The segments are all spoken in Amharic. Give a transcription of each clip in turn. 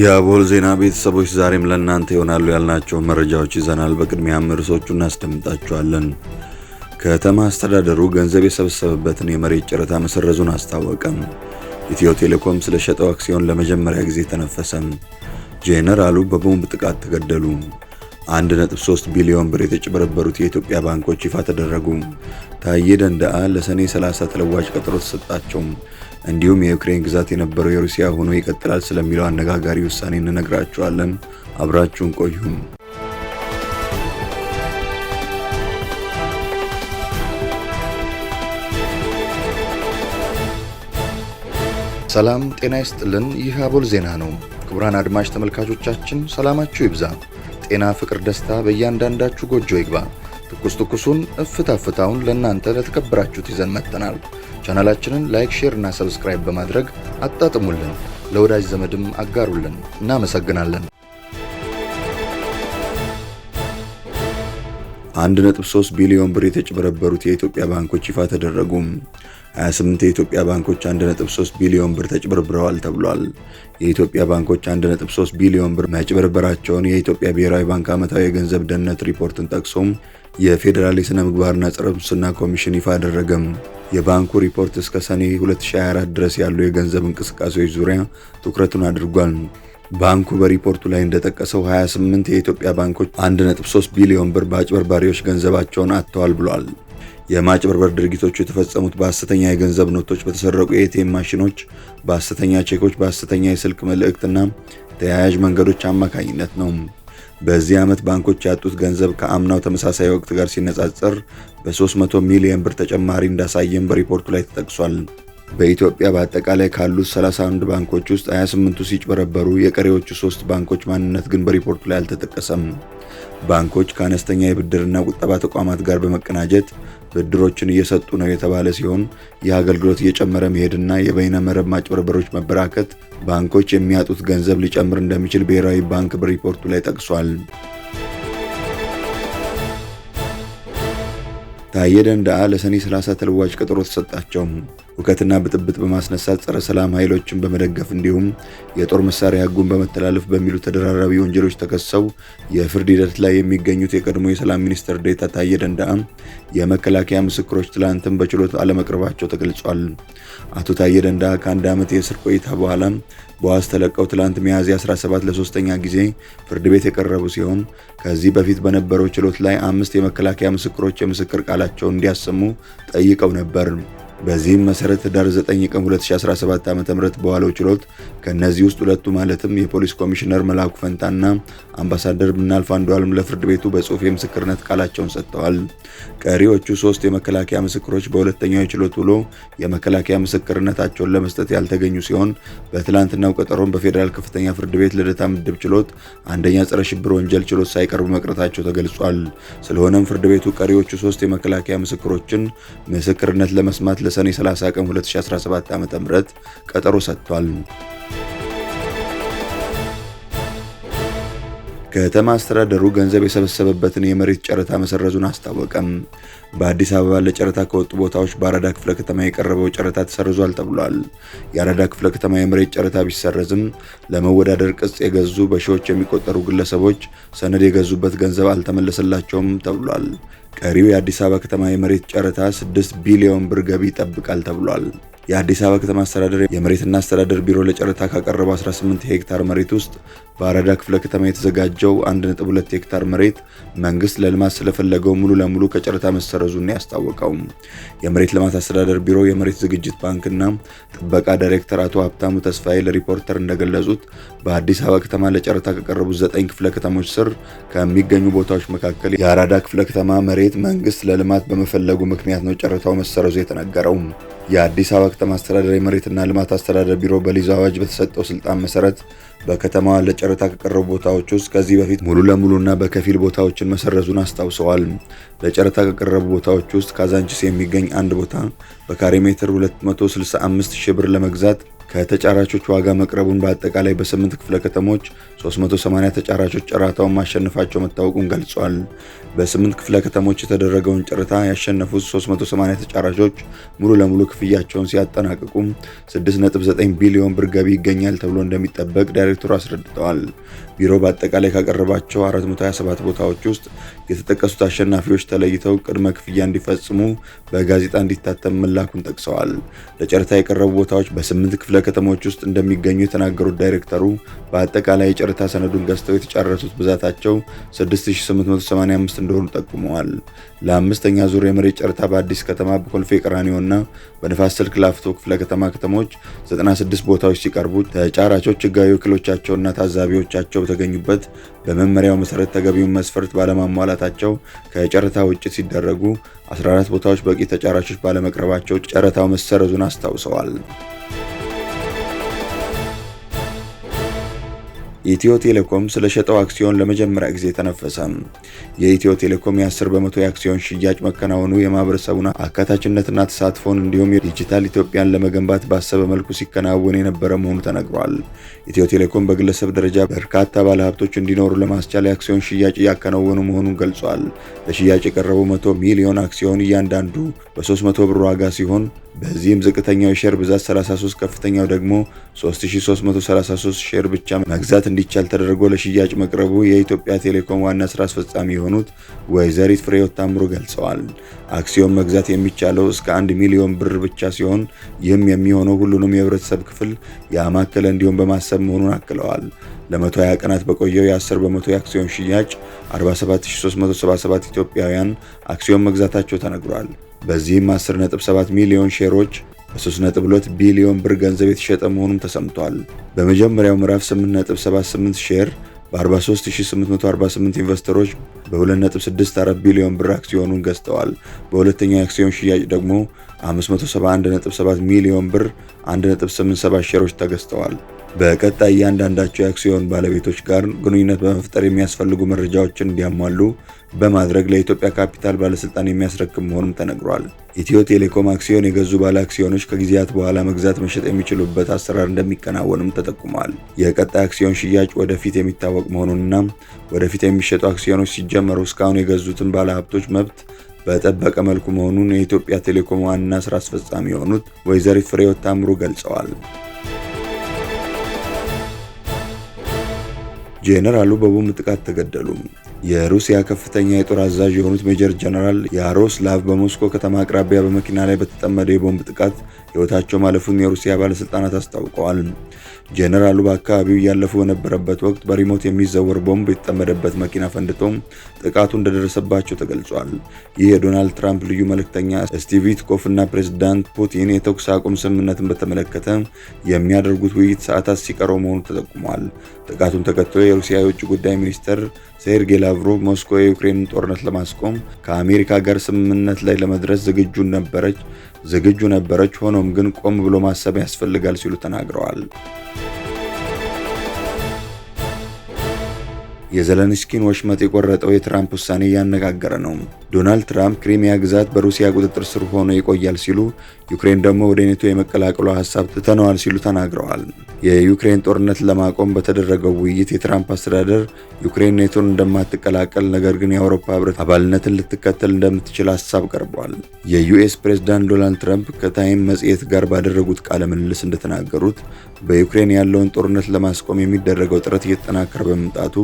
የአቦል ዜና ቤተሰቦች ዛሬም ለእናንተ ይሆናሉ ያልናቸው መረጃዎች ይዘናል። በቅድሚያም ርዕሶቹ እናስደምጣቸዋለን። ከተማ አስተዳደሩ ገንዘብ የሰበሰበበትን የመሬት ጨረታ መሰረዙን አስታወቀም። ኢትዮ ቴሌኮም ስለሸጠው አክሲዮን ለመጀመሪያ ጊዜ ተነፈሰም። ጄኔራሉ በቦምብ ጥቃት ተገደሉ። 1.3 ቢሊዮን ብር የተጭበረበሩት የኢትዮጵያ ባንኮች ይፋ ተደረጉ። ታዬ ደንደአ ለሰኔ 30 ተለዋጭ ቀጠሮ ተሰጣቸው። እንዲሁም የዩክሬን ግዛት የነበረው የሩሲያ ሆኖ ይቀጥላል ስለሚለው አነጋጋሪ ውሳኔ እንነግራችኋለን። አብራችሁን ቆዩም። ሰላም ጤና ይስጥልን። ይህ አቦል ዜና ነው። ክቡራን አድማጭ ተመልካቾቻችን ሰላማችሁ ይብዛ፣ ጤና፣ ፍቅር፣ ደስታ በእያንዳንዳችሁ ጎጆ ይግባ። ትኩስ ትኩሱን እፍታ ፍታውን ለእናንተ ለተከበራችሁት ይዘን መጥተናል። ቻናላችንን ላይክ፣ ሼር እና ሰብስክራይብ በማድረግ አጣጥሙልን፣ ለወዳጅ ዘመድም አጋሩልን። እናመሰግናለን። 1.3 ቢሊዮን ብር የተጭበረበሩት የኢትዮጵያ ባንኮች ይፋ ተደረጉ። 28 የኢትዮጵያ ባንኮች 1.3 ቢሊዮን ብር ተጭበርብረዋል ተብሏል። የኢትዮጵያ ባንኮች 1.3 ቢሊዮን ብር መጭበርበራቸውን የኢትዮጵያ ብሔራዊ ባንክ ዓመታዊ የገንዘብ ደህንነት ሪፖርትን ጠቅሶም የፌዴራል የሥነ ምግባርና ጸረ ሙስና ኮሚሽን ይፋ አደረገም። የባንኩ ሪፖርት እስከ ሰኔ 2024 ድረስ ያሉ የገንዘብ እንቅስቃሴዎች ዙሪያ ትኩረቱን አድርጓል። ባንኩ በሪፖርቱ ላይ እንደጠቀሰው 28 የኢትዮጵያ ባንኮች 1.3 ቢሊዮን ብር በአጭበርባሪዎች ገንዘባቸውን አጥተዋል ብሏል። የማጭበርበር ድርጊቶቹ የተፈጸሙት በሐሰተኛ የገንዘብ ኖቶች፣ በተሰረቁ የኤቲኤም ማሽኖች፣ በሐሰተኛ ቼኮች፣ በሐሰተኛ የስልክ መልእክትና ተያያዥ መንገዶች አማካኝነት ነው። በዚህ ዓመት ባንኮች ያጡት ገንዘብ ከአምናው ተመሳሳይ ወቅት ጋር ሲነጻጸር በ300 ሚሊዮን ብር ተጨማሪ እንዳሳየም በሪፖርቱ ላይ ተጠቅሷል። በኢትዮጵያ በአጠቃላይ ካሉት 31 ባንኮች ውስጥ 28ቱ ሲጭበረበሩ የቀሪዎቹ ሶስት ባንኮች ማንነት ግን በሪፖርቱ ላይ አልተጠቀሰም። ባንኮች ከአነስተኛ የብድርና ቁጠባ ተቋማት ጋር በመቀናጀት ብድሮችን እየሰጡ ነው የተባለ ሲሆን ይህ አገልግሎት እየጨመረ መሄድና የበይነ መረብ ማጭበርበሮች መበራከት ባንኮች የሚያጡት ገንዘብ ሊጨምር እንደሚችል ብሔራዊ ባንክ በሪፖርቱ ላይ ጠቅሷል። ታዬ ደንደዓ ለሰኔ 30 ተለዋጭ ቀጠሮ ተሰጣቸው። ሁከትና ብጥብጥ በማስነሳት ጸረ ሰላም ኃይሎችን በመደገፍ እንዲሁም የጦር መሳሪያ ሕጉን በመተላለፍ በሚሉ ተደራራቢ ወንጀሎች ተከሰው የፍርድ ሂደት ላይ የሚገኙት የቀድሞ የሰላም ሚኒስትር ዴታ ታዬ ደንደዓ የመከላከያ ምስክሮች ትላንትም በችሎት አለመቅረባቸው ተገልጿል። አቶ ታዬ ደንደዓ ከአንድ ዓመት የእስር ቆይታ በኋላ በዋስ ተለቀው ትላንት ሚያዝያ 17 ለሶስተኛ ጊዜ ፍርድ ቤት የቀረቡ ሲሆን ከዚህ በፊት በነበረው ችሎት ላይ አምስት የመከላከያ ምስክሮች የምስክር ቃላቸውን እንዲያሰሙ ጠይቀው ነበር። በዚህም መሰረት ህዳር 9 ቀን 2017 ዓ.ም በዋለው ችሎት ከእነዚህ ውስጥ ሁለቱ ማለትም የፖሊስ ኮሚሽነር መላኩ ፈንታና አምባሳደር ብናልፍ አንዱዓለም ለፍርድ ቤቱ በጽሁፍ የምስክርነት ቃላቸውን ሰጥተዋል። ቀሪዎቹ ሶስት የመከላከያ ምስክሮች በሁለተኛው የችሎት ውሎ የመከላከያ ምስክርነታቸውን ለመስጠት ያልተገኙ ሲሆን በትላንትናው ቀጠሮም በፌዴራል ከፍተኛ ፍርድ ቤት ልደታ ምድብ ችሎት አንደኛ ጸረ ሽብር ወንጀል ችሎት ሳይቀርቡ መቅረታቸው ተገልጿል። ስለሆነም ፍርድ ቤቱ ቀሪዎቹ ሶስት የመከላከያ ምስክሮችን ምስክርነት ለመስማት ለሰኔ 30 ቀን 2017 ዓ.ም ቀጠሮ ሰጥቷል። ከተማ አስተዳደሩ ገንዘብ የሰበሰበበትን የመሬት ጨረታ መሰረዙን አስታወቀም። በአዲስ አበባ ለጨረታ ከወጡ ቦታዎች በአራዳ ክፍለ ከተማ የቀረበው ጨረታ ተሰርዟል ተብሏል። የአራዳ ክፍለ ከተማ የመሬት ጨረታ ቢሰረዝም ለመወዳደር ቅጽ የገዙ በሺዎች የሚቆጠሩ ግለሰቦች ሰነድ የገዙበት ገንዘብ አልተመለሰላቸውም ተብሏል። ቀሪው የአዲስ አበባ ከተማ የመሬት ጨረታ 6 ቢሊዮን ብር ገቢ ይጠብቃል ተብሏል። የአዲስ አበባ ከተማ አስተዳደር የመሬትና አስተዳደር ቢሮ ለጨረታ ካቀረበው 18 ሄክታር መሬት ውስጥ በአራዳ ክፍለ ከተማ የተዘጋጀው 1.2 ሄክታር መሬት መንግስት ለልማት ስለፈለገው ሙሉ ለሙሉ ከጨረታ መሰረዙን ያስታወቀው የመሬት ልማት አስተዳደር ቢሮ የመሬት ዝግጅት ባንክና ጥበቃ ዳይሬክተር አቶ ሀብታሙ ተስፋዬ ለሪፖርተር እንደገለጹት በአዲስ አበባ ከተማ ለጨረታ ከቀረቡት ዘጠኝ ክፍለ ከተሞች ስር ከሚገኙ ቦታዎች መካከል የአራዳ ክፍለ ከተማ መሬት መንግስት ለልማት በመፈለጉ ምክንያት ነው ጨረታው መሰረዙ የተነገረው። የአዲስ አበባ ከተማ አስተዳደር የመሬትና ልማት አስተዳደር ቢሮ በሊዝ አዋጅ በተሰጠው ስልጣን መሰረት በከተማዋ ለጨረታ ከቀረቡ ቦታዎች ውስጥ ከዚህ በፊት ሙሉ ለሙሉና በከፊል ቦታዎችን መሰረዙን አስታውሰዋል። ለጨረታ ከቀረቡ ቦታዎች ውስጥ ካዛንችስ የሚገኝ አንድ ቦታ በካሬ ሜትር 265 ሺህ ብር ለመግዛት ከተጫራቾች ዋጋ መቅረቡን በአጠቃላይ በስምንት ክፍለ ከተሞች 380 ተጫራቾች ጨረታውን ማሸነፋቸው መታወቁን ገልጿል። በስምንት ክፍለ ከተሞች የተደረገውን ጨረታ ያሸነፉት 380 ተጫራቾች ሙሉ ለሙሉ ክፍያቸውን ሲያጠናቅቁም 6.9 ቢሊዮን ብር ገቢ ይገኛል ተብሎ እንደሚጠበቅ ዳይሬክተሩ አስረድተዋል። ቢሮ በአጠቃላይ ካቀረባቸው 427 ቦታዎች ውስጥ የተጠቀሱት አሸናፊዎች ተለይተው ቅድመ ክፍያ እንዲፈጽሙ በጋዜጣ እንዲታተም መላኩን ጠቅሰዋል። ለጨረታ የቀረቡ ቦታዎች በስምንት ክፍለ ከተሞች ውስጥ እንደሚገኙ የተናገሩት ዳይሬክተሩ በአጠቃላይ የጨረታ ሰነዱን ገዝተው የተጫረሱት ብዛታቸው 6885 እንደሆኑ ጠቁመዋል። ለአምስተኛ ዙር የመሬት ጨረታ በአዲስ ከተማ በኮልፌ ቀራኒዮና በንፋስ ስልክ ላፍቶ ክፍለ ከተማ ከተሞች 96 ቦታዎች ሲቀርቡ ተጫራቾች ህጋዊ ወኪሎች እና ታዛቢዎቻቸው በተገኙበት በመመሪያው መሰረት ተገቢውን መስፈርት ባለማሟላታቸው ከጨረታ ውጭ ሲደረጉ 14 ቦታዎች በቂ ተጫራቾች ባለመቅረባቸው ጨረታው መሰረዙን አስታውሰዋል። ኢትዮ ቴሌኮም ስለሸጠው አክሲዮን ለመጀመሪያ ጊዜ ተነፈሰ። የኢትዮ ቴሌኮም የ10 በመቶ የአክሲዮን ሽያጭ መከናወኑ የማህበረሰቡን አካታችነትና ተሳትፎን እንዲሁም የዲጂታል ኢትዮጵያን ለመገንባት ባሰበ መልኩ ሲከናወን የነበረ መሆኑ ተነግሯል። ኢትዮ ቴሌኮም በግለሰብ ደረጃ በርካታ ባለሀብቶች እንዲኖሩ ለማስቻል የአክሲዮን ሽያጭ እያከናወኑ መሆኑን ገልጿል። ለሽያጭ የቀረቡ 100 ሚሊዮን አክሲዮን እያንዳንዱ በ300 ብር ዋጋ ሲሆን በዚህም ዝቅተኛው የሼር ብዛት 33 ከፍተኛው ደግሞ 3333 ሼር ብቻ መግዛት እንዲቻል ተደርጎ ለሽያጭ መቅረቡ የኢትዮጵያ ቴሌኮም ዋና ስራ አስፈጻሚ የሆኑት ወይዘሪት ፍሬሕይወት ታምሩ ገልጸዋል። አክሲዮን መግዛት የሚቻለው እስከ 1 ሚሊዮን ብር ብቻ ሲሆን ይህም የሚሆነው ሁሉንም የህብረተሰብ ክፍል ያማከለ እንዲሆን በማሰብ መሆኑን አክለዋል። ለ120 ቀናት በቆየው የ10 በመቶ የአክሲዮን ሽያጭ 47377 ኢትዮጵያውያን አክሲዮን መግዛታቸው ተነግሯል። በዚህም 10.7 ሚሊዮን ሼሮች በ3.2 ቢሊዮን ብር ገንዘብ የተሸጠ መሆኑም ተሰምቷል። በመጀመሪያው ምዕራፍ 8.78 ሼር በ43848 ኢንቨስተሮች በ2.64 ቢሊዮን ብር አክሲዮኑን ገዝተዋል። በሁለተኛው የአክሲዮን ሽያጭ ደግሞ 571.7 ሚሊዮን ብር 1.87 ሼሮች ተገዝተዋል። በቀጣይ እያንዳንዳቸው የአክሲዮን ባለቤቶች ጋር ግንኙነት በመፍጠር የሚያስፈልጉ መረጃዎችን እንዲያሟሉ በማድረግ ለኢትዮጵያ ካፒታል ባለስልጣን የሚያስረክብ መሆኑም ተነግሯል። ኢትዮ ቴሌኮም አክሲዮን የገዙ ባለ አክሲዮኖች ከጊዜያት በኋላ መግዛት መሸጥ የሚችሉበት አሰራር እንደሚከናወንም ተጠቁሟል። የቀጣይ አክሲዮን ሽያጭ ወደፊት የሚታወቅ መሆኑንና ወደፊት የሚሸጡ አክሲዮኖች ሲጀመሩ እስካሁን የገዙትን ባለሀብቶች መብት በጠበቀ መልኩ መሆኑን የኢትዮጵያ ቴሌኮም ዋና ስራ አስፈጻሚ የሆኑት ወይዘሪት ፍሬሕይወት ታምሩ ገልጸዋል። ጄኔራሉ በቦምብ ጥቃት ተገደሉ። የሩሲያ ከፍተኛ የጦር አዛዥ የሆኑት ሜጀር ጀነራል ያሮስላቭ በሞስኮ ከተማ አቅራቢያ በመኪና ላይ በተጠመደ የቦምብ ጥቃት ሕይወታቸው ማለፉን የሩሲያ ባለሥልጣናት አስታውቀዋል። ጄኔራሉ በአካባቢው እያለፉ በነበረበት ወቅት በሪሞት የሚዘወር ቦምብ የተጠመደበት መኪና ፈንድቶ ጥቃቱ እንደደረሰባቸው ተገልጿል። ይህ የዶናልድ ትራምፕ ልዩ መልእክተኛ ስቲቭ ዊትኮፍ እና ፕሬዚዳንት ፑቲን የተኩስ አቁም ስምምነትን በተመለከተ የሚያደርጉት ውይይት ሰዓታት ሲቀረው መሆኑ ተጠቁሟል። ጥቃቱን ተከትሎ የሩሲያ የውጭ ጉዳይ ሚኒስትር ሴርጌ ላቭሮቭ ሞስኮ የዩክሬንን ጦርነት ለማስቆም ከአሜሪካ ጋር ስምምነት ላይ ለመድረስ ዝግጁ ነበረች ዝግጁ ነበረች ሆኖ ሆኖም ግን ቆም ብሎ ማሰብ ያስፈልጋል ሲሉ ተናግረዋል። የዘለንስኪን ወሽመጥ የቆረጠው የትራምፕ ውሳኔ እያነጋገረ ነው። ዶናልድ ትራምፕ ክሪሚያ ግዛት በሩሲያ ቁጥጥር ስር ሆኖ ይቆያል ሲሉ ዩክሬን ደግሞ ወደ ኔቶ የመቀላቀሏ ሀሳብ ትተነዋል ሲሉ ተናግረዋል። የዩክሬን ጦርነት ለማቆም በተደረገው ውይይት የትራምፕ አስተዳደር ዩክሬን ኔቶን እንደማትቀላቀል ነገር ግን የአውሮፓ ህብረት አባልነትን ልትከተል እንደምትችል ሀሳብ ቀርቧል። የዩኤስ ፕሬዝዳንት ዶናልድ ትራምፕ ከታይም መጽሔት ጋር ባደረጉት ቃለ ምልልስ እንደተናገሩት በዩክሬን ያለውን ጦርነት ለማስቆም የሚደረገው ጥረት እየተጠናከረ በመምጣቱ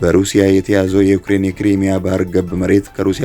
በሩሲያ የተያዘው የዩክሬን የክሪሚያ ባህር ገብ መሬት ከሩሲያ